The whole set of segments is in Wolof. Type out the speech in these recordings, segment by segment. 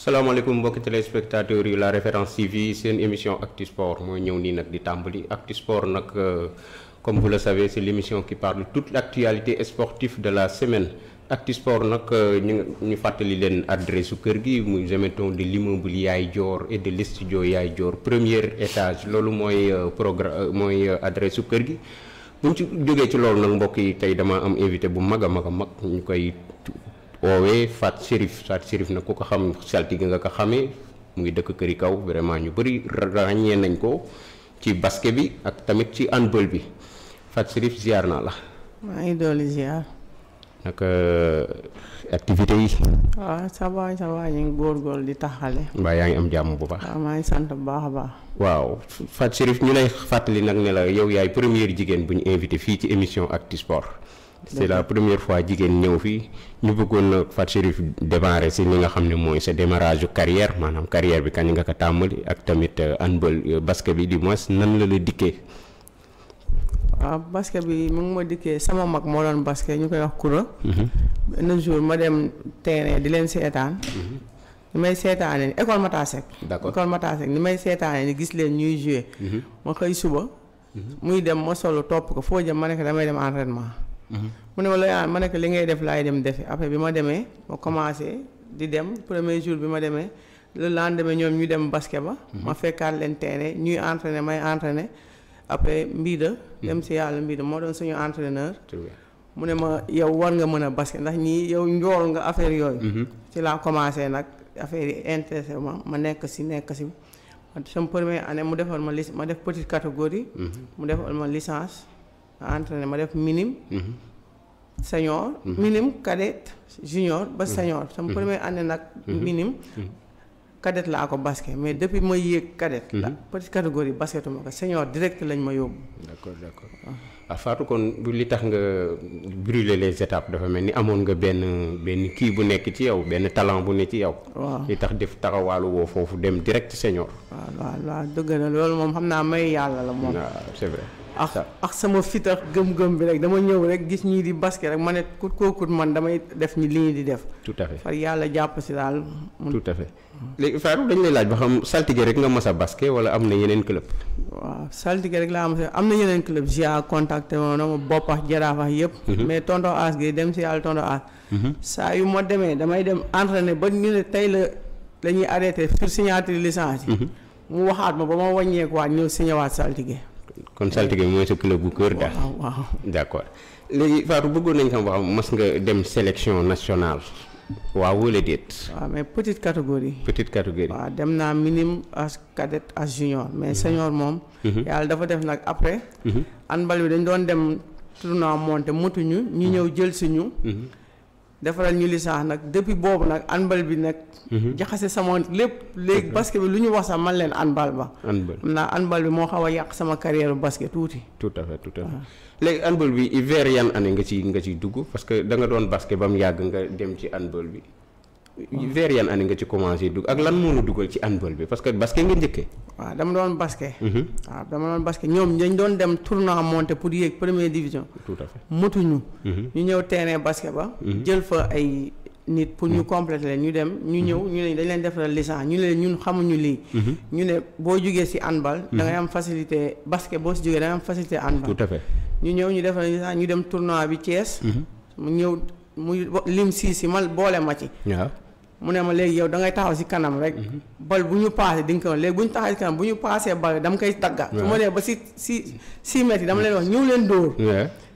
salaamaaleykum mbokki téléspectateurs yu la référence TV seen émission Actu Sport mooy ñëw nii nag di tàmbali Actu Sport nag euh, comme vous le savez c'est l'émission qui parle de actualité l'actualité sportive de la semaine Actu Sport nag euh, ñu ñu fàttali leen adresse su kër gi muy émettons de l'immeuble Yaay Joor et de l'estudio Yaay Joor premier étage loolu mooy euh, programme mooy adresse su kër gi bu ñu ci ci loolu nag mbokk yi tey dama am invité bu mag a mag a mag ñu koy. woowee Fat Chérif Fat Chérif nag ku ko xam saltige nga ko xamee mu ngi dëkk këri kaw vraiment ñu bëri ràññee nañ ko ci basket bi ak tamit ci handball bi Fat Chérif ziar naa la. maa ngi dolli ziar. naka euh, activité yi. waaw ça va ça va ñu ngi góorgóorlu di taxale. mbaa yaa ngi am jàmm bu baax. waaw maa sant baax a baax. waaw Fat Chérif ñu lay fàttali nag ne la yow yaay première jigéen bu ñu invité fii ci émission Actu Sport. c'est la première fois jigéen ñëw fii ñu bëggoon na Fatou Chérif démarrer si li nga xam ne mooy sa démarrage carrière maanaam carrière bi kañ nga ko tàmbali ak tamit euh, handball euh, basket bi di moins nan la la dikkee. waaw ah, basket bi mu ngi ma dikkee sama mag moo doon basket ñu koy wax kura. benn mhm. jour ma dem terrain di leen seetaan. Mhm. ni may seetaanee école Matasek. d'accord école Matasek ni may seetaanee ni gis leen ñuy jouer. Mhm. ma xëy suba. muy dem ma solo topp ko foo jëm ma nekk damay dem entraînement. mu ne ma Loyane ma ne li ngay def laay dem defe après bi ma demee ma commencé di dem premier jour bi ma demee le lendemain ñoom ñu dem basket ba. Mhm. ma fekkaat leen teene ñuy entraîné may entraîné après mbiida mhm. dem si yàlla Mbida moo doon suñu entraîneur. mu ne ma yow war nga mën a basket ndax ñi yow njool nga affaire yooyu. ci mhm. laa commencé nag affaire yi intéressé ma ma nekk si nekk si. sama première année mu defal ma licence ma def petite catégorie. mu defal ma licence. entraîné ma def minime. Mhm. senior. Mhm. minime cadette junior ba mhm. senior. sama première année nag. minime. cadette laa ko basket mais depuis ma yéeg cadette. la petite catégorie basketuma ko senior direct lañ ma yóbbu. d' accord d' accord ah Fatou li tax nga brûler les étapes dafa mel ni amoon nga benn benn kii bu nekk ci yow benn talent bu ne ci yow. waaw li tax def taxawaalu woo foofu dem direct senior. waaw waaw waaw dëgg na loolu moom xam naa may yàlla la moom. Ah, ak ak sama fit ak gëm-gëm bi rek dama ñëw rek gis ñii di baske rek ma ne kut kookut man damay def ñi li ñu di def. tout à far yàlla jàpp si daal. tout à fait mm. léegi dañ lay laaj ba xam saltige rek nga mas a basket wala am na yeneen club. waaw saltige rek laa mas a am na yeneen club jia contacté woon na ma bopp ak jaraaf yëpp. Mhm. mais tonto dem si yàlla tonto aas. Mhm. saa yu ma demee damay dem entraîné ba ñu ne tey la la ñuy arrêté sur signature yi. Mhm. mu waxaat ma ba ma wàññeekuwaat ñëw signé waat saltige. kon saltige bi mooy sa club bu kër daal waaw waaw d' accord léegi Fatou bëggoon nañ xam waaw mas nga dem sélection nationale waaw wala déet waaw mais petite catégorie petite catégorie waaw dem naa minime as cadette as junior mais mhm. senior moom mhm. yàlla dafa def nag après mhm. handball bi dañ doon dem tournoi monté motuñu ñu ñëw jël si ñu defaral ñu licence nag depuis boobu nag anbal bi nag. Mhm. jaxase sama lépp léegi basket bi lu ñu wax sax man leen anbal ba. anbal xam naa anbal bi moo xaw a yàq sama carrière basket tuuti. tout à fait tout à fait léegi anbal bi hiver yan ane nga ci nga ciy dugg parce que da nga doon basket ba mu yàgg nga dem ci anbal bi. vers yan année nga ci commencé dugg ak lan moo la dugal ci handball bi parce que basket nga njëkkee. waaw dama doon basket. Mhm. waaw dama doon basket ñoom dañ doon dem tournoi monté pour yéeg première division. tout mhm. ñu ñëw terrain mhm. dem ñu ñëw ñu ne dañ leen defaral licence ñu ne ñun xamuñu lii. ñu ne boo jugee si handball. da ngay am facilité basket boo si jugee da ngay am facilité ñu ñëw ñu defaral licence ñu bi Thiès. mu ñëw. lim sii si man boole ma ci. waaw mu ne ma léegi yow da ngay taxaw si kanam rek. Mhm. bal bu ñu paasee di ko léegi bu ñu taxaw si kanam bu ñu paasee bal dama koy tagga su ma lee ba si si six mètres yi dama leen wax ñëw leen dóor.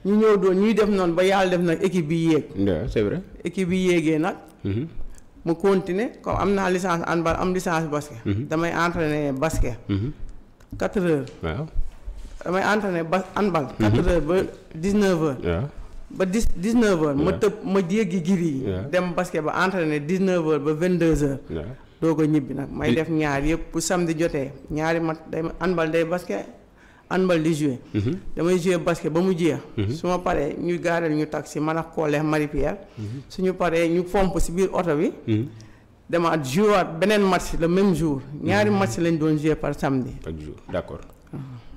ñu ñëw dóor ñuy def noonu ba yàlla def nag équipe bi yéeg. waaw bi yéegee nag. Mhm. mu continuer comme am naa licence handball am licence basket. Mhm. damay entraîner basket. 4 heures. waaw damay entraîner ba handball. 4 heures ba 19 ba dis dix neuf heures. ma tëb ma jéggi gir yi. dem basket ba entraîné dix neuf heures ba vingt deux heures. doo ko ñibbi nag may def ñaar yëpp bu samedi jotee ñaari mat day handball day basket handball di joué. Mm-hmm. damay joué basket ba mu jeex. Mm-hmm. su ma paree ñu gaareel ñu taxi man ak Collé Marie Pierre. Mm-hmm. suñu paree ñu fomp si biir oto bi. dama joué waat beneen match le même jour ñaari match lañ doon joué par samedi. par jour d' accord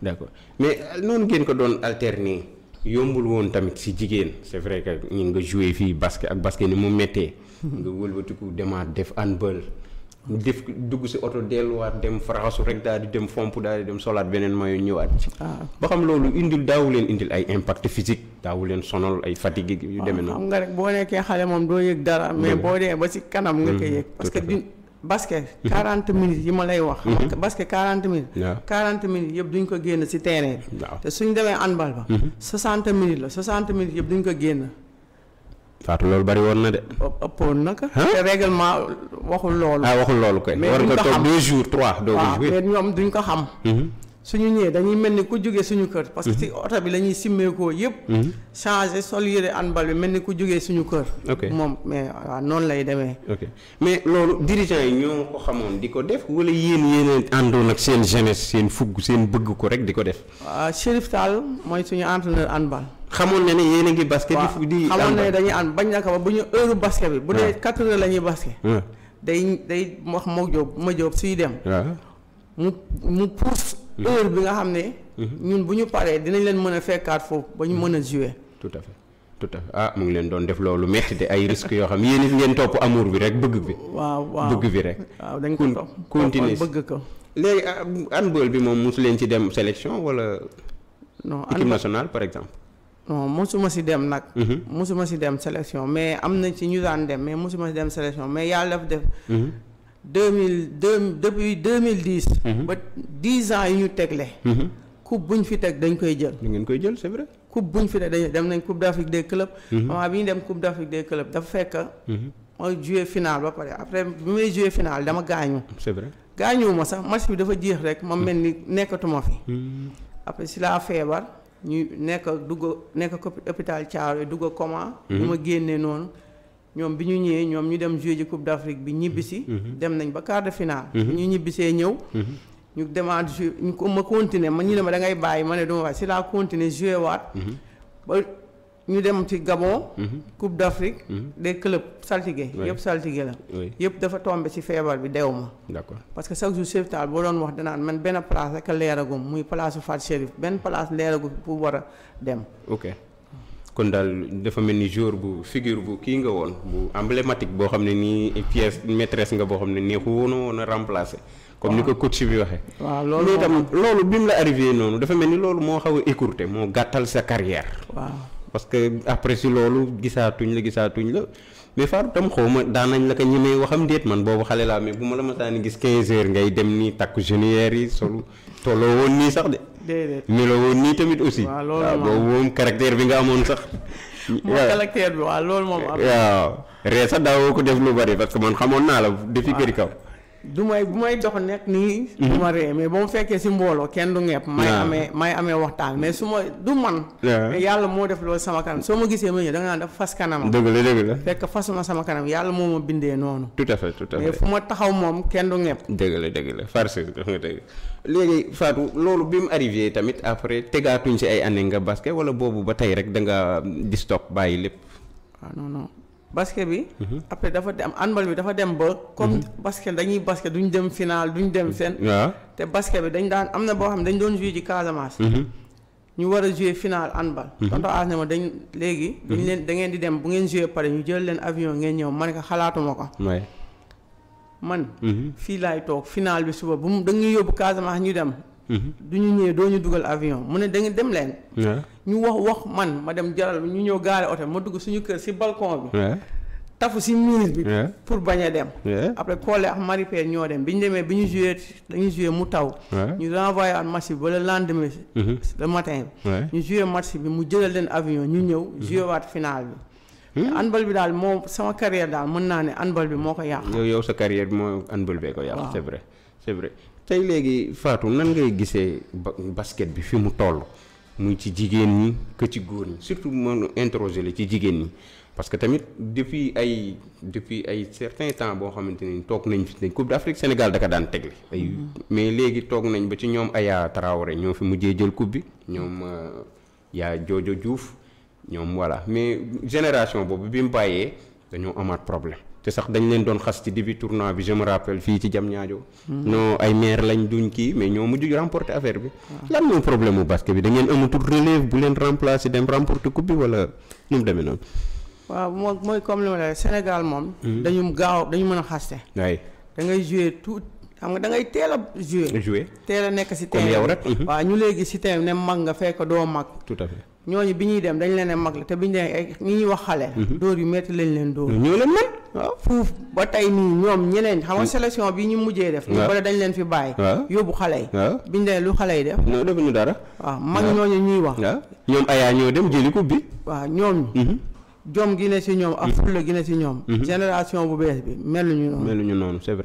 d' mais noonu ngeen ko doon alterner. yombul woon tamit si jigéen c'est vrai que ñun nga joué fii basket ak basket ni mu méttee. nga wëlbatiku demaat def handball. def dugg si oto delluwaat dem faraxasu rek daal di dem fomp daal di dem solaat beneen mayo ñëwaat ci. Ah. ba xam loolu indil daawu leen indil ay impact physique daawu leen sonal ay fatigue yu ah, demee noonu. xam nga rek boo nekkee xale moom doo yëg dara. mais boo dee ba si kanam nga koy yëg. parce que basket. 40 minutes yi ma lay wax. Mhm. basket 40 minutes. waaw 40 yëpp duñ ko génn si terrain bi. te suñ demee handball ba. 60 mhm. minutes la 60 minutes yëpp duñ ko génn. faatu loolu bari woon na de. ëppoon na ko. te règlement waxul loolu. ah waxul loolu koy kay. war nga toog 2 jours 3 doo ko jouer mais ñoom duñ ko xam. Mhm. suñu ñëwee dañuy mel ni ku jóge suñu kër. parce que mhm. ci oto bi lañuy ñuy simmeekoo yëpp. Mhm. changé sol yére handball bi mel ni ku jógee suñu kër. moom mais waaw noonu lay demee. mais loolu dirigeant yi ñoo ko xamoon di ko def wala yéen yéen àndoon ak seen jeunesse seen fugg seen bëgg ko rek di ko def. waaw Chérif Tall mooy suñu entraîneur handball. xamoon na ne yéen a ngi basket. di di xamoon na bañ na ko ba bu ñu heure basket bi. bu dee ah. quatre heures la ñuy basket. Ah. day day wax moo jóob ma jóob dem. Ah. heure bi nga xam ne. ñun bu ñu paree dinañ leen mën a fekkaat foofu ba ñu mën a jouer. tout à fait tout à ah mu ngi leen doon def loolu métti de ay risques yoo xam yéen it ngeen topp amour bi rek bëgg bi. waaw waaw bëgg bi rek. waaw dañ ko topp continuer bëgg ko. léegi ah, handball bi moom mosu leen ci dem sélection wala. non équipe nationale par exemple. non mosuma si dem nag. Mhm. mosuma ci dem sélection mais am na ci ñu daan dem mais mosuma si dem sélection mais yàlla daf def. Mhm. deux mille deux depuis deux mille dix. Mhm. ba dix ans yi ñu tegle. Mhm. coupe bu ñu fi teg dañ koy jël. da ngeen koy jël c'est vrai. coupe bu ñu fi teg dañ dem nañ coupe d'Afrique de clubs. avant mhm. bi ñu dem coupe d'Afrique de clubs dafa fekk. ma joué final ba pare après bi may joué final dama gaañu. c'est vrai ma sax match bi dafa jeex rek ma mel ni nekkatuma fi. après si laa feebar ñu nekk dugg nekk hôpital Thiaroye dugg comment ñu ma génnee noonu. ñoom bi ñu ñëwee ñoom ñu dem jouer ji coupe d' afrique bi ñibbisi mhm. dem nañ ba quart de finale mhm. ñu ñibbisee ñëw mhm. ñu demaat jouer ko ma continuer ma ñu ne ma da ngay bàyyi ma ne duma waay si laa continuer jouer waat ba ñu dem ci Gabon coupe d' afrique des clubs saltige yëpp saltige la yëpp dafa tombé ci feebar bi deew ma d'accord parce que chaque jour sepital boo doon wax danaan man benn place rek leeragum muy place Fatou Chérif benn place leeragu pour war a dem kon daal dafa mel ni jour bu figure bu kii nga woon bu emblématique boo xam ne nii pièce maîtresse nga boo xam ne neexu woon woon a remplacer. comme ni ko coach bi waxee. waaw tam itam loolu bi mu la arrivé noonu dafa mel ni loolu moo xaw a moo gàttal sa carrière. waaw parce que après si loolu gisaatuñ la gisaatuñ la. mais Fatou tam xaw ma daan nañ la ko ñemee waxam déet man boobu xale laa mais bu ma la ma daan gis 15 heures ngay dem ni takku genouillère yi solu tolloo woon nii sax de. déedéet meloo woon nii tamit aussi. waaw loolu moom moom caractère bi nga amoon sax. waaw caractère bi waaw loolu moom. am waaw ree sax daawoo ko def lu bari parce que man xamoon naa la. def defi këri kaw. du may bu may dox nekk nii. du ma mhm. ree mais ba mu si mbooloo kenn du ngepp may amee may amee waxtaan mais su ma du man. mais yàlla moo def loolu sama kanam soo ma gisee ma ñëw da nga naan dafa fas kanam. dëgg la dëgg la fekk fasuma sama kanam yàlla moo ma bindee noonu. tout à fait tout à fait mais fu ma taxaw moom kenn du ngepp. dëgg la dëgg la farce nga léegi Fatou loolu bi mu arrivier tamit après tegaatuñ si ay année nga basket wala boobu ba tey rek da nga mm, di bàyyi lépp. waaw ah, non basket bi. Mhm. après dafa dem handball bi dafa dem ba. comme mhm. basket dañuy basket duñu dem final duñu dem seen waaw te basket bi dañ daan am na boo xam ne dañu doon joué ci Casamance. Mhm. ñu war a joué final handball. tonton As ne ma dañ léegi. dañ leen da ngeen di dem bu ngeen joué pare ñu jël leen avion ngeen ñëw ma ne ko xalaatuma ko. man. Mhm. fii laay toog final bi suba bu mu da nga yóbbu Casamance ñu dem. Mhm. du ñu ñëwee doo ñu dugal avion mu ne da dem leen. ñu wax wax man ma dem jaral ñu ñëw gaare oto ma dugg suñu kër si balcon bi. tafu si miir bi. pour bañ a dem. après Kole ak Maripé ñoo dem bi ñu demee bi ñu joué dañu joué mu taw. ñu renvoyé at match bi ba le lendemain. Mhm. le matin. ñu joué match bi mu jëlal leen avion ñu ñëw joué waat final bi. handball hmm? bi daal moo sama carrière daal mën naa ne handball bi moo ko yàq. yow yow sa carrière bi moo handball bee ko yàq. waaw c'est vrai c'est vrai tey léegi Fatou nan ngay gisee basket bi fi mu toll muy ci jigéen ñi que ci góor ñi surtout mën interroger la ci jigéen ñi. parce que tamit depuis ay depuis ay certain temps boo xamante ni toog nañ fi dañ coupe d'Afrique Sénégal da ka daan tegle ay mm-hmm. mais léegi toog nañ ba ci ñoom Aya Traoré ñoo fi mujjee jël coupe bi ñoom euh, yaa Jojo Diouf ñoom voilà mais génération boobu bi mu bàyyee dañoo amaat problème te sax dañ leen doon xas ci début tournoi bi je me rappelle fii ci jam ñaajo hmm. non ay maire lañ duñ kii mais ñoo mujj remporter affaire bi lan moo problème mu basket bi da ngeen amatul relève bu leen remplacer dem remporter coupe bi wala nu mu demee noonu waaw moom mooy comme li ma la Sénégal moom hmm. dañu gaaw dañu mën a xaste waay da ngay jouer tout xam nga da ngay teel a jouer teel nekk si terrain comme ñu léegi si terrain ne mag nga fekk doo mag tout ñooñu bi ñuy dem dañ leen mag la te bi ñu leen ñi ñuy wax xale. Mhm. dóor yu metti lañ leen dóor. ñoo leen mën. fuuf ba tey nii ñoom ñeneen xam nga mhm. sélection bi ñu mujjee def. waaw wala dañ leen fi bàyyi. yóbbu xale yi. waaw lu xale yi def. non defuñu dara. waaw mag ñooñu ñuy wax. waaw ñoom ayaa ñoo dem jëli ko bi. waaw ñoom. Mhm. jom gi si ñoom. ak fulla gi ne si ñoom. génération bu bees bi meluñu noonu. meluñu noonu c'est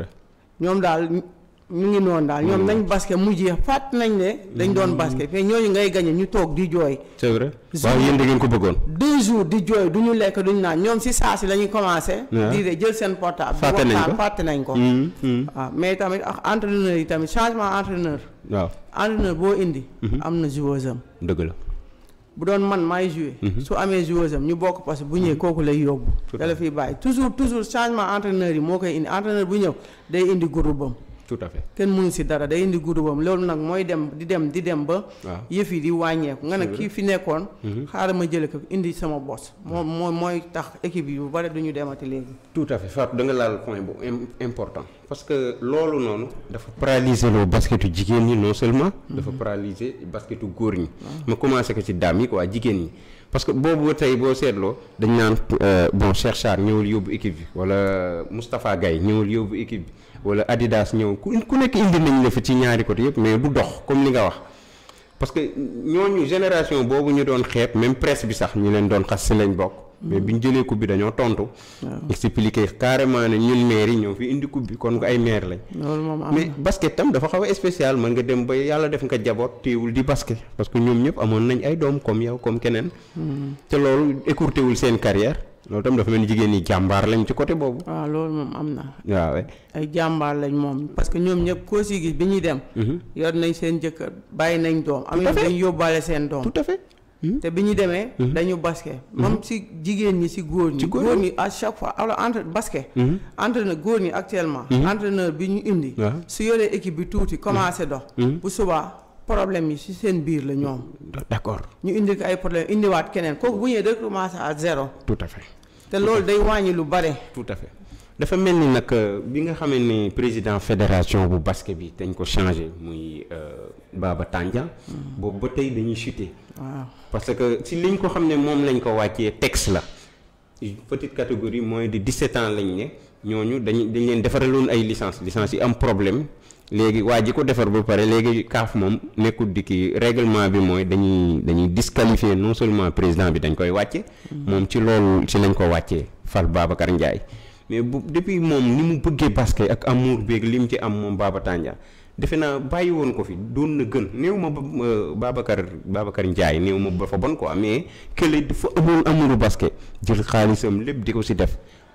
ñoom daal. mu ngi noonu daal ñoom nañ basket mu jeex fàtt nañ ne dañ doon mm-hmm. basket mais ñooñu ngay gañe ñu toog di jooy. c'est vrai waaw yéen da ngeen ko bëggoon. deux jours di jooy du ñu lekk du naan ñoom si saa si la ñuy commencé. di de jël seen portable. fàtte nañ ko nañ mm-hmm. ko. waaw mais tamit entraîneur yi tamit changement entraîneur. waaw entraîneur boo indi. Mm-hmm. am na joueuse am. dëgg la. bu doon man maay joué. su amee joueuse am ñu bokk parce que bu ñëwee kooku lay yóbbu. da la fiy bàyyi toujours toujours changement yi moo koy indi entraîneur bu ñëw day indi groupe am tout à fait kenn mënu si dara day indi gudubam loolu nag mooy dem di dem di dem ba. yëf yi di wàññeeku. nga ne kii fi nekkoon. Mhm. xaaral ma jëlee ko indi sama bos. moom mhm. mooy mooy tax équipe yu bari du ñu demati léegi. tout à fait da nga laal point bu important parce que loolu noonu. dafa paralyser loo basketu jigéen ñi non seulement. Mhm. dafa paralyser basketu góor ñi. ma commencé ko ci daam yi jigéen ñi. parce que boobu tey boo seetloo dañ naan euh, bon Cheikh Sarr ñëwul yóbbu wala Adidas ñëw ku nekk indi nañ la fi ci ñaari côté yëpp mais du dox comme li nga wax parce que ñooñu génération boobu ñu doon xeeb même presse bi sax ñu leen doon xas si lañ bokk. mais bi ñu jëlee coupe bi dañoo tontu. expliqué carrément ne ñun maire yi ñoo fi indi coupe bi kon ay mair lañ. mais basket tam dafa xaw a spécial mën nga dem ba yàlla def nga jaboot téewul di basket. parce que ñoom ñëpp amoon nañ ay doom comme yow comme keneen. Hmm. te loolu écourté wul seen carrière loolu tam dafa mel ni jigéen ñi jàmbaar lañ ci côté boobu. waaw loolu moom am na. waaw ay jàmbaar lañ moom parce que ñoom ñëpp koo si gis bi ñuy dem. Mhm. yor nañ seen jëkkër bàyyi nañ doom. am na dañ yóbbaale seen doom tout mhm. te bi ñu demee. Mhm. dañu basket. moom si jigéen ñi si góor ñi. ci góor ñi à chaque fois alors entre basket. na góor ñi actuellement. entraîneur bi ñu indi. su yoree équipe bi tuuti commencé dox. bu subaa. problème yi si seen biir la ñoom. d'accord ñu indi ay problème indiwaat keneen kooku bu ñëwee day commencer à zéro. tout à fait te loolu day wàññi lu bare. tout à fait dafa mel ni nag euh, bi nga xamee ni président fédération bu basket bi dañ ko changé muy euh, Baba Tandian. Hmm. boobu ba tey dañuy chuté. waaw parce que si liñ ko xam ne moom lañ ko wàccee texte la. petite catégorie mooy di de 17 ans lañ ne ñooñu dañ dañ leen defaraloon ay licence licence yi am problème. léegi waa ji ko defar ba pare léegi kaaf moom nekkul di kii règlement bi mooy dañuy dañuy disqualifier non seulement président bi dañ koy wàcce mm-hmm. moom ci loolu ci lañ ko wàccee fal Babacar Ndiaye mais bu depuis moom ni mu bëggee basket ak amour beeg li mu ci am moom baaba Tandian defe naa bàyyi woon ko fi doon na gën néew ma euh, Babacar Babacar Ndiaye néew ma ba fa bon quoi mais kële dafa amoon amouru basket jël xaalisam lépp di ko si def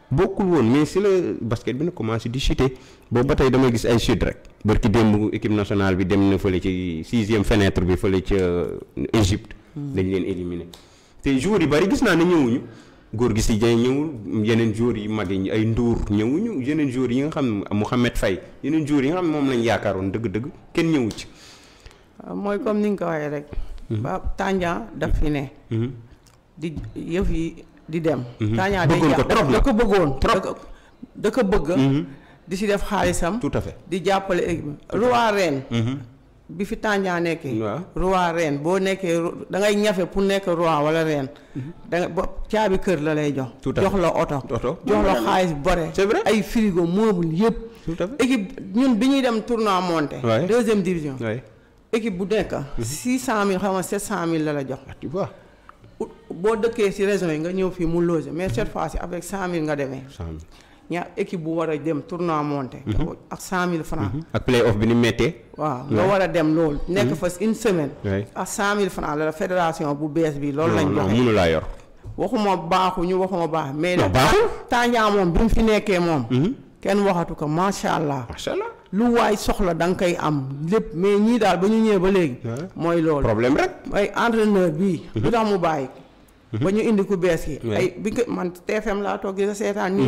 bokkul woon mais si la basket bi na commencé di chuter boobu ba tey dama gis ay chute rek barki démb équipe nationale bi dem na fële ci sixième fenêtre bi fële ca euh, Égypte hmm. dañ leen éliminé te joueurs yi bari gis naa ne ñëwuñu góor gi si Dieng ñëwul yeneen joueurs yi mag yi ay Ndour ñëwuñu yeneen joueurs yi nga xam Mouhamed Faye yeneen joueurs yi nga xam moom lañ yaakaaroon dëgg-dëgg kenn ñëwu ci ah, mooy comme ni nga ko waxee rek hmm. ba Tandian daf fi ne hmm. di yëf yi di dem. Mhm. taañaa day jàpp da ko bëggoon trop da ko bëgg. Mhm. di si def xaalisam. tout à fait di jàppale équipe roi ren. Mhm. bi fi tànjaa nekkee. roi ren boo nekkee da ngay ñafe pour nekk roi wala ren. da nga ba caabi kër la lay jox. jox la oto. jox la xaalis bore. c'est ay frigo meuble yëpp. tout à fait équipe ñun bi ñuy dem tournoi monté. deuxième division. équipe bu nekk. six cent mille xam nga sept mille la la jox. Ah, tu boo dëkkee si région yi nga ñëw fii mu loger mais cette fois ci avec cent mille nga demee. ñaar équipe bu war a dem tournoi monté. Mhm. ak cent mille franc. Mhm. ak play bi ni méttee. waaw nga war a dem loolu. Mhm. nekk fa une semaine. ak cent mille franc la fédération bu bees bi. loolu lañ joxe mënu laa yor. waxuma baaxu ñu waxuma baax. mais nag tànjaa moom bi mu fi nekkee moom. kenn waxatu ko macha allah. macha allah. lu waay soxla da nga am lépp mais ñii daal ba ñu ñëwee ba léegi. mooy loolu problème rek. ay entraîneur bii. Mhm. lu tax mu bàyyi. Mhm. ba ñu indi ku bees yi. ay bi ko man TFM laa toog di la seetaan. ñu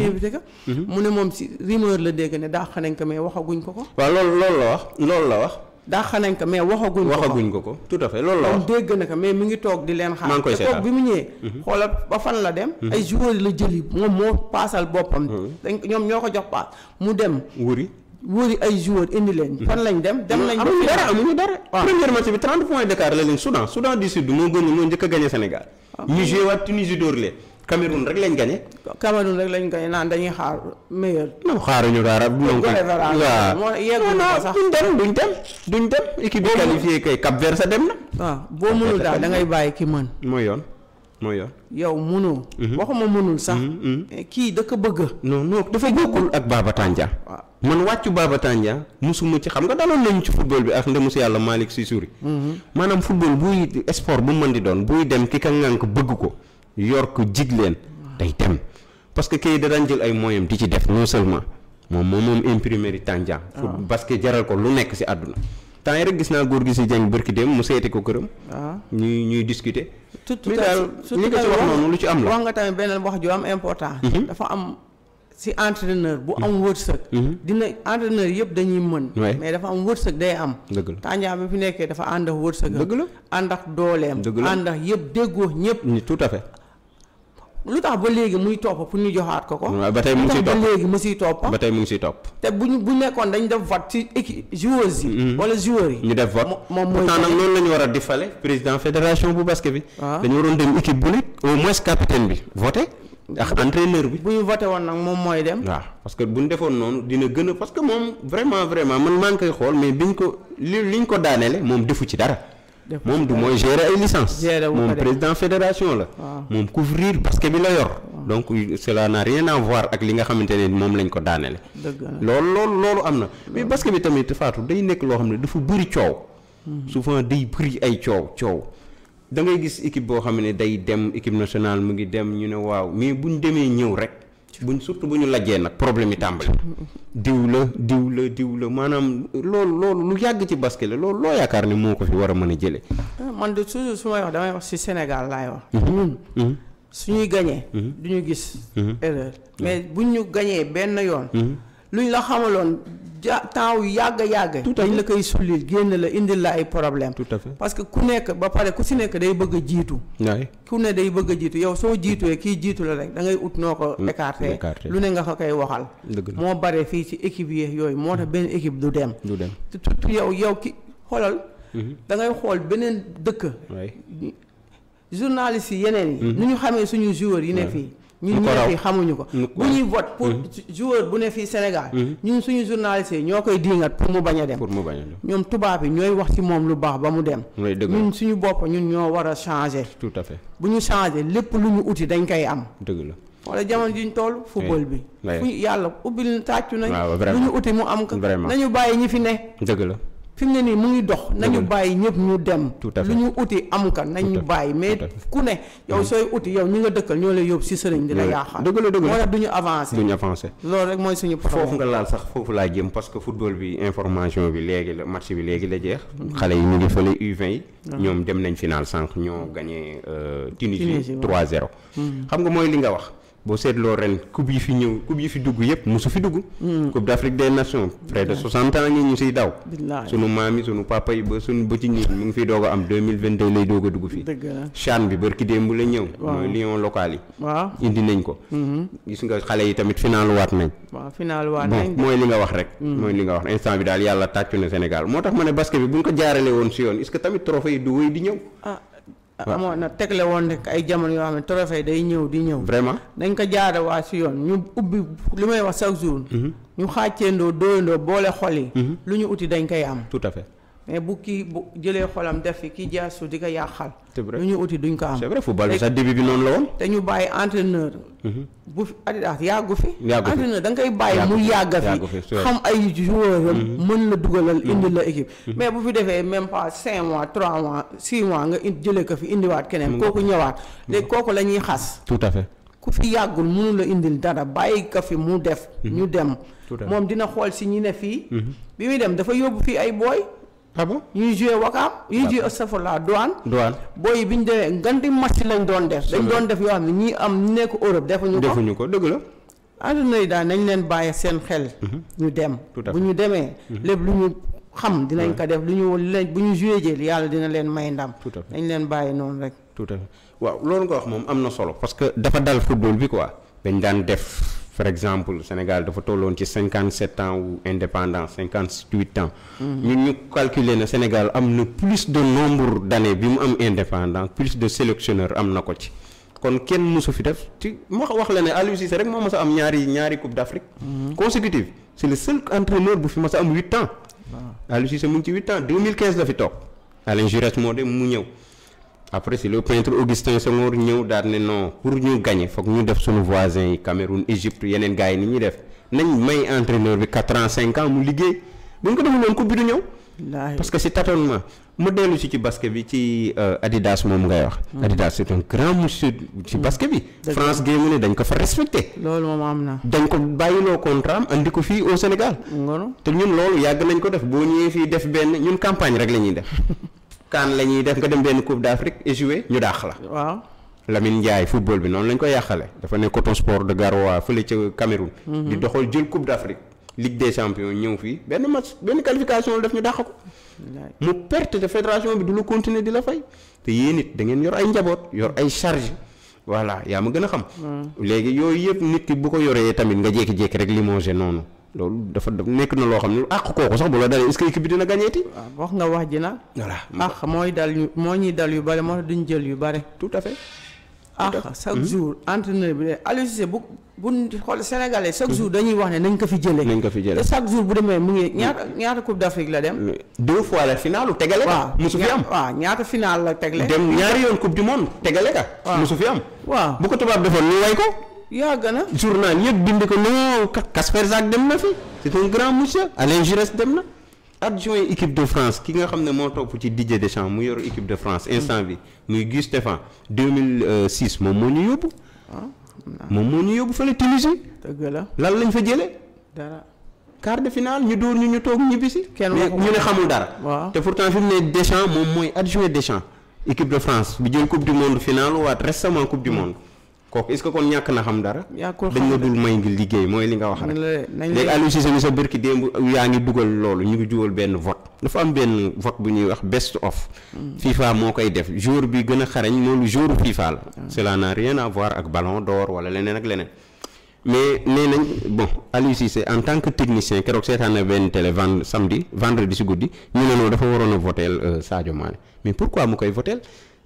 mhm. mu ne moom si rumeur la dégg ne dàq nañ ko mais waxaguñ ko ko. waaw loolu loolu wax loolu la wax. dàq nañ ko mais waxaguñ waxaguñ ko ko tout à loolu la dégg na ko mais mi ngi toog di leen. xaar te toog bi mu ñëwee. xoolal ba fan la dem. ay joueurs la jëli moom moo paasal boppam. dañ ñoom ñoo ko jox paas mu dem. wuri wóori ay joueurs indi leen. Mm-hmm. fan lañ dem dem lañ. amuñu dara amuñu dara. waaw premier bi 30 points d'écart la leen Soudan Soudan du Sud moo gën moo njëkk a gagné Sénégal. Ah, ñu joué waat Tunisie dóor leen. rek lañ gagné. Cameroun rek lañ gagné naan dañuy xaar meilleur. non xaaruñu dara. duñ dem duñ dem. duñ dem équipe bi qualifié kay Cap Vert sa dem na. waaw boo mënul daal da ngay bàyyi ki mën. mooy yoon. mooy yor yow munoo. Mhm. waxuma munul sax. Mhm, mhm. kii da ko bëgg. non non dafa bokkul ak Baba Tandia. man wàccu Baba Tandia musuma ci xam nga daloon lañu ci football bi ak ndemu si yàlla si Sissouri. maanaam football buy sport bu mën di doon buy dem ki ka ŋànk bëgg ko yor ko jig leen day dem parce que kay da jël ay moyens di ci def non seulement moom moom moom imprimerie Tandia. Ah. basket jaral ko lu nekk si àdduna. temps yi rek gis naa góor gi si jàng barki dem mu seeti ko këram. Ah. ñuy ñuy discuter. tout tout daal li nga ci wax noonu lu ci am la. wax nga tamit beneen wax ju am important. Mhm. dafa am si entraîneur bu am mhm. wërsëg. Mhm. dina entraîneur yëpp dañuy mën. mais dafa am wërsëg day am. dëgg la Tandian bi fi nekkee dafa ànd ak wërsëg. dëgg la ànd ak dooleem. dëgg la ànd ak yëpp déggoo ñëpp. tout à fait. lu tax ba léegi muy topp pour ñu joxaat ko ko. ba tey mu ngi siy topp ba léegi mu ngi siy topp. te bu ñu bu nekkoon dañ def vote ci équipe joueurs yi. Mm-hmm. wala joueurs yi. ñu def vote moom mooy. pourtant nag noonu la ñu war a di fale président fédération bu basket bi. Ah. dañu waroon dem équipe bu nekk au moins capitaine bi voté. ndax entraîneur bi. bu ñu voté woon nag moom mooy dem. waaw parce que bu ñu defoon noonu dina gën a parce que moom vraiment vraiment man maa ngi koy xool mais biñ ko li liñ ko daaneele moom defu ci dara. moom du mooy gérer ay licence moom président fédération la ah. moom couvrir basket bi la yor ah. donc cela n'a rien à ak li nga xamante ne moom lañ ko daanale loolu loolu loolu am na ah. mais basket bi tamit faatu day nekk loo xam ne dafa bëri coow mm-hmm. souvent day bëri ay coow coow da ngay gis équipe boo xam ne day dem équipe nationale mu ngi dem ñu ne waaw mais ñu demee ñëw rek buñ surtout bu ñu lajjee nag problème yi tàmbali. diw la diw la diw la maanaam loolu loolu lu yàgg ci basket la loolu loo yaakaar ne moo ko fi war a mën a jëlee. Ah, man de toujours su may wax damay wax si Sénégal laay wax. Mhm. ñun mhm. suñuy gañee mhm. du ñu gis. erreur mais buñ ñu gañee benn yoon. luñ la xamaloon jaa temps yu yàgg yàgg. tout à fait la koy sullil génn la indil la ay problème tout parce que ku nekk ba pare ku si nekk day bëgg a jiitu. ku ne day bëgg a jiitu yow soo jiituwee kii jiitu la rek da ut noo ko. Mm, écarté lu ne nga ko koy waxal. moo bare fii ci équipe yi yooyu moo tax mm. benn équipe du dem. du dem tout yow yow ki xoolal. Mm-hmm. da ngay xool beneen dëkk. journaliste yi yeneen yi. Mm-hmm. nu ñu xamee suñu joueurs yi ne fii. ñun ñëpp yi xamuñu ko bu ñuy vote pour mm-hmm. joueur bu ne fii Sénégal mm-hmm. ñun suñu journaliste ñoo koy diingat pour mu bañ a dem ñoom tubaab yi ñooy wax ci moom lu baax ba mu dem ñun suñu bopp ñun ñoo war a changer tout à fait bu ñu changer lépp lu ñu uti dañ koy am dëgg la wala jamono juñ toll football bi fu ñu yàlla ubbil tàccu nañ lu ñu uti mu am ko nañu bàyyi ñi fi ne dëgg la fi mu ne nii mu ngi dox nañu bàyyi ñëpp ñu dem lu ñu uti am ka nañu bàyyi mais ku ne yow mm. sooy uti yow ñi nga dëkkal ñoo lay yóbbu si sëriñ di la yaaxaar dëgg la dëgg la moo tax du ñu avancé duñu avancé loolu rek mooy suñu problème foofu nga laal sax foofu laa jëm parce que football bi information bi léegi la match bi léegi la jeex mm. xale yi ñu ngi fële u yi ah. ñoom dem nañ final sànq ñoo gagné euh, Tunisie 3-0 mm. xam nga mooy li nga wax boo seetloo ren coupe yi fi ñëw coupe yi fi dugg yëpp su fi dugg. Hmm. coupe d' Afrique des nations. près de 60 ans ngi ñu siy daw. sunu maam yi sunu papa yi ba sunu ba ñi mu ngi fiy doog a am 2022 lay doog a dugg fii. dëgg la CHAN bi barki démb la ñëw. mooy lion local yi. indi nañ ko. Hmm. gis nga xale yi tamit final waat nañ. waaw final waat nañ bon mooy li nga wax rek. Hmm. mooy li nga wax instant bi daal yàlla tàccu na Sénégal moo tax ma ne basket bi buñ ko jaarale woon si yoon tamit trophée yi amoon na tegle woon rek ay jamono yoo xam ne trophée day ñëw di ñëw. vraiment dañ ko jaada waa si yoon ñu ubbi li may wax chaque jour. Mhm. ñu xàcceendoo dóoyandoo boole xol yi. Mhm. lu ñu uti dañ koy am. tout à fait. mais bu kii bu jëlee xolam def fi kii jaasu di ko yàqal. lu ñu uti duñ ko am. c'est vrai sax début bi noonu la woon. te ñu bàyyi entraîneur. Mhm. bu fi Adidas yàggu fi. yàggu fi entraîneur da nga bàyyi mu yàgga fi xam ay joueur am. Mhm. mën la dugalal mhm. indi la équipe. mais bu fi defee même pas cinq mois trois mois six mois nga indi ko fi indiwaat keneen. kooku ñëwaat léegi kooku la ñuy xas. tout ku fi yàggul mënu la indil dara bàyyi ko fi mu def. ñu dem moom dina xool si ñi ne fii. bi muy dem dafa yóbbu ay booy. ah bon yuy joué Wakaam. yuy joué Astafurlah douane. douane booy bi ñu demee nganti match lañ doon def. dañ doon def yoo xam ne ñii am nekk Europe defuñu ñu defuñu ko dëgg la. àdduna yi daan nañ leen bàyyi seen xel. Mhm. ñu dem bu ñu demee. Mhm. lépp lu ñu xam dinañ ko def lu ñu leen bu ñu joué jël yàlla dina leen may ndam. dañ leen bàyyi noonu rek. tout waaw loolu nga wax moom am na solo parce que dafa dal football bi quoi dañ daan def. par exemple Sénégal dafa tolloon ci cinquante sept ans ou indépendance cinquante huit ans. Mhm. ñun ñu calculer na Sénégal am na plus de nombre d' bi mu am indépendant plus de sélectionneur am na ko ci. kon kenn mosu fi def ci ma wax la ne Aliou rek moo mos a am ñaari ñaari coupe d' Afrique. Mhm. consécutive c' est le seul entraîneur bu fi mos a am huit ans. waaw ah. Aliou mu ngi ci huit ans deux mille quinze la fi toog Alain Giresse moo dem mu ñëw. après si le peintre Augustin Senghor ñëw daal ne non pour ñu gagner foog ñu def suñu voisin yi Cameroun Égypte yeneen gars ni ñuy def nañ may entraîneur bi quatre ans cinq ans mu liggéey bu ñu ko defee noonu coupe bi du ñëw. que si tâtonnement mu dellu si ci basket bi ci euh, Adidas moom ngay wax. Mm. Adidas c'est un grand monsieur. ci mm. basket bi. France Gueye mu dañ ko fa respecté. loolu am na. dañ ko bàyyiloo contrat am indi ko fii au Sénégal. te ñun loolu yàgg nañ ko def boo ñëwee fii def benn ñun campagne rek la ñuy def. kaan la ñuy def nga dem benn coupe d' Afrique ñu dàq la. waaw Lamine Ndiaye football bi noonu lañ ko yàqale dafa ne Coton Sport de Garoua fële ca Cameroun. Mhm. di doxal jël coupe d' Afrique. Ligue des champions ñëw fii benn match benn qualification la def ñu dàq ko. mu perte de fédération bi du la continuer di la fay. te yéen it da ngeen yor ay njaboot yor ay charge voilà yaa ma gën a xam. Mhm. léegi yooyu yëpp nit ki bu ko yoree tamit nga jékki-jékki rek limogé noonu. loolu dafa nekk na loo xam ne àq kooku sax bu la dalee est-ce bi dina gagneeti. waaw wax nga wax ji nag. voilà mooy dal ñu moo ñuy dal yu bare moo duñ jël yu bëri. tout à fait. àq chaque hmm? jour entraîneur bi de Aliou Cissé bu bu xool sénégalais chaque hmm? jour dañuy wax ne nañ ko fi jëlee. nañ ko fi jëlee te chaque jour bu demee mu ngi hmm. ñaata ñaata coupe d'Afrique la dem. deux fois la finale tegale ka. musu fi am waaw ñaata finale la tegale. dem ñaari yoon coupe du monde tegale ka. musu fi am. waaw bu ko tubaab defoon ñu way ko. yàgg na journal yëpp bind ko non Kasper Zak dem na fi c'est un grand monsieur Alain Giresse dem na adjoint équipe de France ki nga xam ne moo topp ci Didier Deschamps mu yor équipe de France instant bi muy Guy Stéphane 2006 moom moo ñu yóbbu ah, moom moo ñu yóbbu fële Tunisie dëgg la lan lañ fa jële dara quart de finale ñu dóor ñu ñu toog ñibbisi kenn ñu ne xamul dara te pourtant fi mu ne Deschamps moom mooy adjoint Deschamps équipe de France bi jël coupe du monde finale waat récemment coupe du monde kooku est-ce que kon ñàkk na xam dara. yaa ko xam dañ la dul may ngi liggéey mooy li nga wax rek. nañ la Aliou Cissé mi sa bërki démb yaa ngi dugal loolu ñu ngi juwal benn vote. dafa am benn vote bu ñuy wax best of. Mm. FIFA moo koy def jour bi gën a xarañ loolu jour FIFA la. Mm. cela n'a rien à voir ak ballon door wala leneen ak leneen. mais nee nañ bon Aliou Cissé en tant que technicien keroog seetaan na benn télé vend samedi vendredi si guddi ñu ne noonu dafa waroon a votel euh, Sadio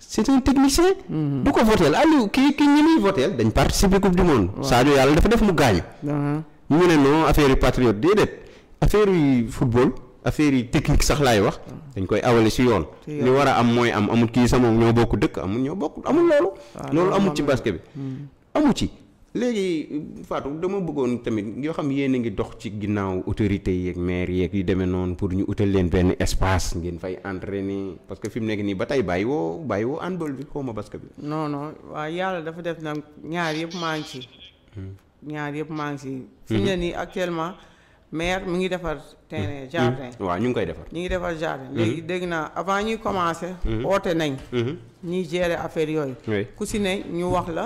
c'est un technicien. Mhm. du ko votel Aliou kii kii ñi muy votel dañ participé coupe du monde. waaw yàlla dafa def mu gaañu. Uh-huh. ñu ne non affaire yu patriote déedéet affaire yu football affaire yu technique sax laay wax uh-huh. dañ koy awale si yoon. li war a am mooy am amul kii sama ñoo bokk dëkk amul ñoo bokk amul loolu. loolu amul ci basket bi mm. amu ci. léegi Fatou dama bëggoon tamit yoo xam yéen a ngi dox ci ginnaaw autorités yeeg maire yeeg yi demee noonu pour ñu utal leen benn espace ngeen fay entraîner parce que fi mu nekk nii ba tey bàyyi woo bàyyi woo handball bi xaw ma basket bi. non non yàlla dafa def nag ñaar yëpp maa ngi ci. Hmm. ñaar yëpp maa ngi ci. Hmm. ne nii actuellement. maire mu ngi defar terrain mm-hmm. jardin. Mm-hmm. waaw ñu ngi koy defar. ñu ngi defar jardin. Mm-hmm. léegi dégg naa avant ñuy commencé. woote nañ. ñuy gérer affaire yooyu. ku si ne ñu wax la.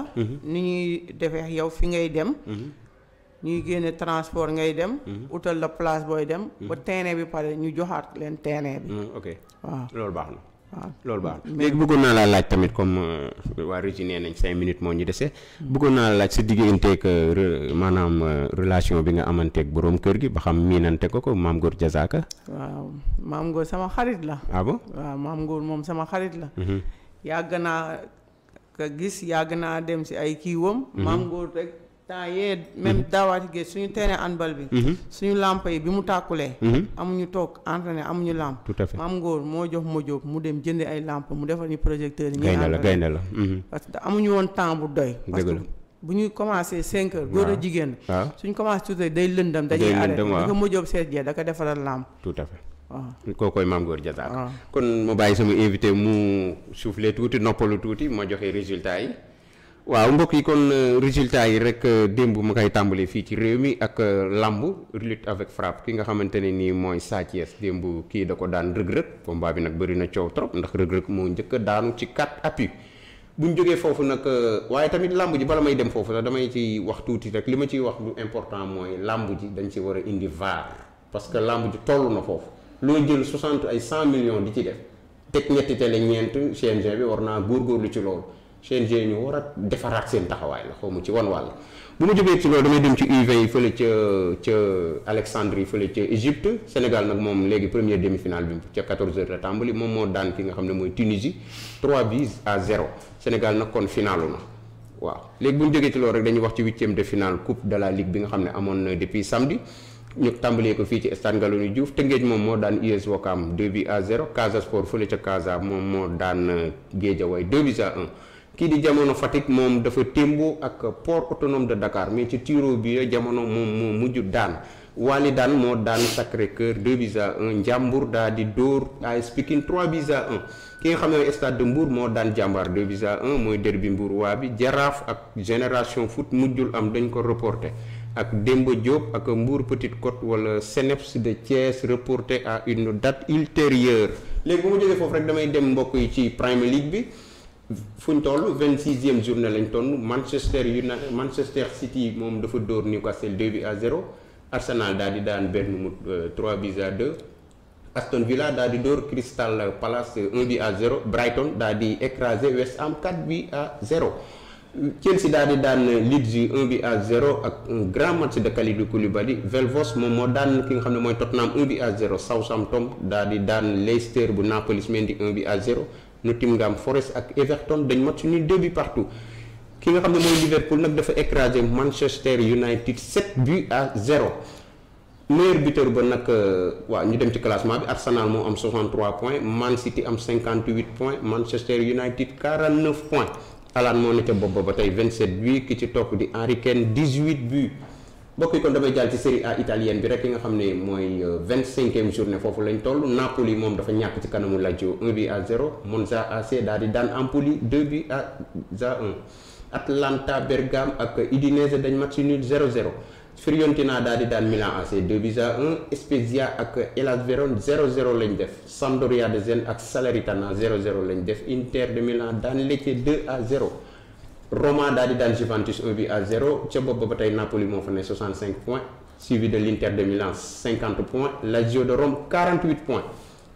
ni ñuy defee yow fi ngay dem. ñuy génne transport ngay dem. utal la place booy dem. ba terrain bi pare ñu joxaat leen terrain bi. ok waaw loolu baax na. waaw loolu baax na léegi bëggoon naa laa laaj tamit comme euh, waa Régie nee nañ cinq minutes moo ñu desee hmm. bëggoon naa la laaj sa digganteeg euh, maanaam euh, relation bi nga amanteeg boroom kër gi ba xam miinante ko ko maam Góor Jazaaka. waaw maam Góor sama xarit la. ah maam Góor moom sama xarit la. Mm-hmm. yàgg naa ka gis yàgg naa dem si ay kiiwam. Mm-hmm. maam Góor rek. temps yee même mhm. daawaati géej suñu terrain handball bi mhm. suñu làmp yi bi mu tàkkulee mhm. amuñu toog entraîné amuñu làmp tout à fait maam ngóor moo jox ma jóob mu dem jënd ay làmp mu defal ñu projecteurs yi gaynde la gaynde la parce que amuñu woon temps bu doy parce bu ñuy commencé cinq heures góor a jigéen waaw suñ commencé tuuti day lëndam dañuy arrêté da ko ma jóob seet jee da defaral làmp tout à fait koo kookoy maam góor jataak kon mu bàyyi sama invité mu soufflé tuuti noppalu tuuti ma joxe résultat yi waaw mbokk yi kon euh, résultat yi rek euh, démb ma koy tàmbalee fii ci réew mi ak euh, làmb lutte avec frappe ki nga xamante ne nii mooy Sa Thiès démb kii da ko daan rëg-rëg combat bi nag bëri na coow trop ndax rëg-rëg moo njëkk a daanu ci quatre appuis bu ñu jógee foofu nag waaye tamit làmb ji bala may dem foofu sax damay ci wax tuuti rek li ma ciy wax lu important mooy làmb ji dañ ci war a indi vaar parce que làmb ji toll na foofu loo jël 60 ay 100 millions di ci def teg ñetti télé ñeent CNG bi war naa góorgóorlu ci loolu CNG ñu war a defaraat seen taxawaay la xaw ma ci wan wàll bu ma jógee ci loolu damay dem ci U20 yi fële ca ca Alexandrie fële ca Égypte Sénégal nag moom léegi première demi-finale bi ca 14h la tàmbali moom moo daan ki nga xam ne mooy Tunisie 3 buts à 0 Sénégal nag kon finaalu na waaw léegi bu ñu jógee ci loolu rek dañuy wax ci huitième de finale coupe de la ligue bi nga xam ne amoon na depuis samedi. ñu tàmbalee ko fii ci stade Ngalandou Diouf Tëngéej moom moo daan US Ouakam 2 buts à 0 Casa Sport fële ca Casa moom moo daan Guédiawaye 2 buts à 1. kii di jamono Fatick moom dafa témboo ak port autonome de Dakar mais ci tiro bi jamono moom moo mujj daan Wali daan moo daan sacre cœur 2 buts à 1 Ndiambour di dóor AS Pikine 3 bisa à ki nga xam ne stade de Mbour moo daan Jàmbaar 2 buts à mooy derbi Mbour waa bi Jaraaf ak Génération Foot mujjul am dañ ko reporté ak Demba Diop ak Mbour Petite Côte wala CNEPS de Thiès reporté à une date ultérieure léegi bu ma jógee foofu rek damay dem mbokk yi ci Premier League bi fu ñu toll vingt sixième journée lañ toll Manchester United Manchester City moom dafa dóor Newcastle deux buts à zéro Arsenal daal di daan benn mu euh, trois buts à deux Aston Villa daal di dóor Crystal Palace un but a zéro Brighton daal di écraser West Ham quatre buts à zéro. Chelsea daal di daan Leeds yi 1 ak un de Kalidou Koulibaly Velvos moom moo daan ki nga xam ne mooy Tottenham 1 bi à 0 Southampton daal di daan Leicester bu Napolis Mendy 1 bi à 0 Nottingham Forest ak Everton dañ match nul deux buts partout ki nga xam ne mooy Liverpool nag dafa écrasé Manchester United 7 buts à 0 meilleur buteur ba nag euh, waaw ñu dem ci classement bi Arsenal moo am 63 points Man City am 58 points Manchester United 49 points Haaland moo ca bopp ba ba tey 27 buts ki ci topp di Harry Kane 18 buts. mbokk yi kon damay jàll ci série A italienne bi rek yi nga xam ne mooy euh, vingt cinquième journée foofu lañ toll Napoli moom dafa ñàkk ci kanamu Lazio 1 bi à 0 Monza AC daal di daan Empoli 2 bi à à 1 Atlanta Bergame ak Udinese dañ match nul 0-0 Fiorentina daal di daan Milan AC 2 bi à 1 Spezia ak Hellas Verona 0-0 lañ def Sampdoria de Gênes ak Salernitana 0-0 lañ def Inter de Milan daan Lecce 2 à 0. Roma daal di daan Juventus 1 but à 0 ca bopp ba tey Napoli moo fa ne 65 points suivi de l'Inter de Milan 50 points Lazio de Rome 48 points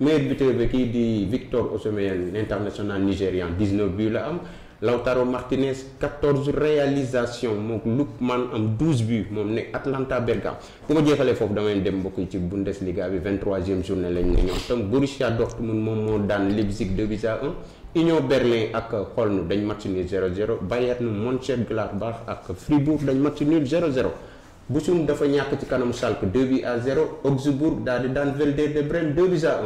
meilleur buteur bi kii di Victor Osimhen international nigérian 19 buts la am Lautaro Martinez 14 réalisations moom man am 12 buts moom ne Atlanta Bergame bu ma jeexalee foofu damay dem mbokk yi ci Bundesliga bi 23e journée lañ ne ñoom tam Borussia Dortmund moom moo daan Leipzig 2 buts à Union Berlin ak Cologne dañ match nul 0-0 Bayern Mönchengladbach ak Fribourg dañ match nul 0-0 Bochum dafa ñàkk ci kanamu Schalke 2 bi à 0 Augsbourg daal di daan Werder Bremen 2 bi à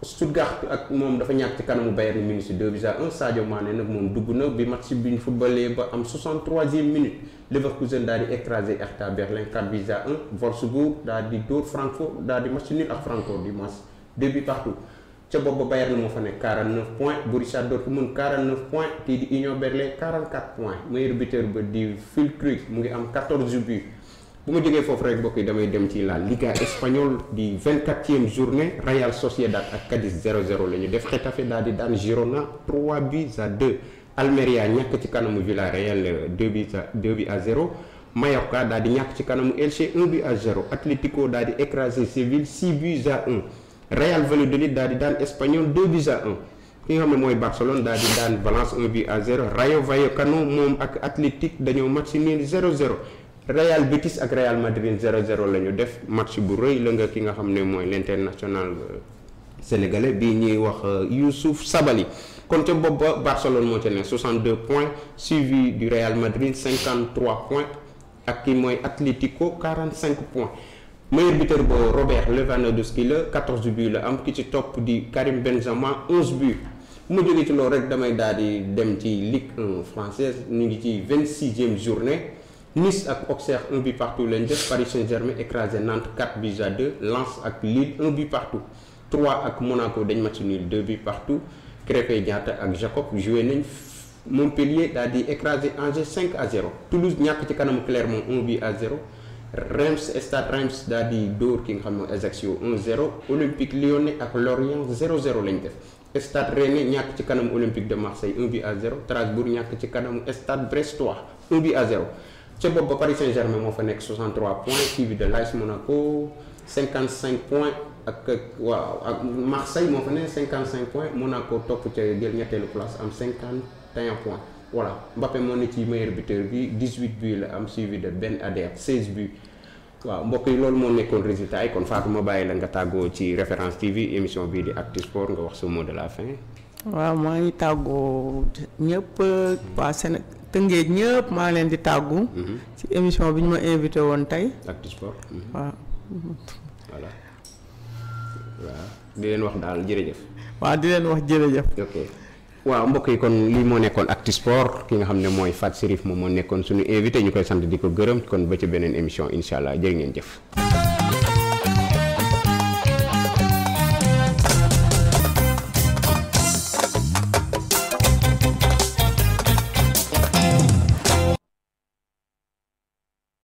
1 Stuttgart ak moom dafa ñàkk ci kanamu Bayern Munich 2 bi à 1 Sadio Mané nag moom dugg na bi match bi ñu footballee ba am 63e minute Leverkusen daal di écrasé Hertha Berlin 4 bi à 1 Wolfsburg daal di dóor Francfort daal di match nul ak Francfort dimanche 2 bi partout. ca boobu ba Bayern moo fa nekk 49 points Borussia Dortmund 49 points kii di Union Berlin 44 points meilleur buteur ba di Füllkrug mu ngi am 14 buts bu ma jógee foofu rek bokk yi damay dem ci la Liga espagnole di 24e journée Real Sociedad ak Cadiz 0-0 la ñu def Getafe daal di daan Girona 3 buts à 2 Almeria ñàkk ci kanamu villa 2 buts à 2 buts à 0. di ñàkk ci kanamu Elche 1 but à 0 Atlético daal di écraser Séville 6 buts Real Valladolid daal di daan Espanyol 2 buts à 1 ki nga xam ne mooy Barcelone daal di daan Valence 1 but à 0 Rayo Vallecano moom ak Athletic dañoo match nul 0-0 Real Betis ak Real Madrid 0-0 lañu def match bu rëy la nga ki nga xam ne mooy national euh, sénégalais bi ñuy wax euh, Youssouf Sabali kon ca bopp ba Barcelone moo ca ne 62 points suivi du Real Madrid 53 points ak ki mooy Atlético 45 points. meilleur buteur boobu Robert Lewandowski la 14 buts la am ki ci topp di Karim Benzema 11 buts bu ma jógee ci loolu rek damay daal di dem ci Ligue 1 française ñu ngi ci 26e journée Nice ak Auxerre 1 but partout lañ def Paris Saint-Germain écrasé Nantes 4 buts à 2 Lens ak Lille 1 but partout 3 ak Monaco dañ match nul 2 buts partout Krépin Diatta ak Jacob joué nañ. Montpellier daal di écrasé Angers cinq à 0 Toulouse ñàkk ci kanamu Clermont 1 but à 0. Reims Stade Reims daal di dóor ki nga xam ne Ajaccio 1-0 Olympique Lyonnais ak Lorient 0-0 lañ def Stade Rennais ñàkk ci kanamu Olympique de Marseille 1-0 Strasbourg ñàkk ci kanamu Stade Brestois 1-0 ca bopp ba Paris Saint-Germain moo fa nekk 63 points suivi de l'AS Monaco 55 points ak waaw ak Marseille moo fa nekk 55 points Monaco topp ca jël ñetteelu place am 51 points. voilà Mbappé moo ne ci meilleur buteur bi 18 bi la am suivi de Ben Yedder 16 bi waaw mbokk yi loolu moo nekkoon résultat yi kon Fatou ma bàyyi la nga tàggoo ci référence TV émission bii di Actu Sport nga wax sa mot de la fin. waaw maa ngi tàggoo ñëpp waa Séné Tëngéej ñëpp maa leen di tàggu. Mhm. ci émission bi ñu ma invité woon tey. Actu Sport. Mhm. waaw. waaw di leen wax daal jërëjëf. waaw di leen wax jërëjëf. ok. waaw mbokk yi kon lii moo nekkoon Actu ki nga xam ne mooy Fat Sirif moom moo nekkoon suñu invité ñu koy sant di ko gërëm kon ba ci beneen émission incha allah jërë ngeen jëf.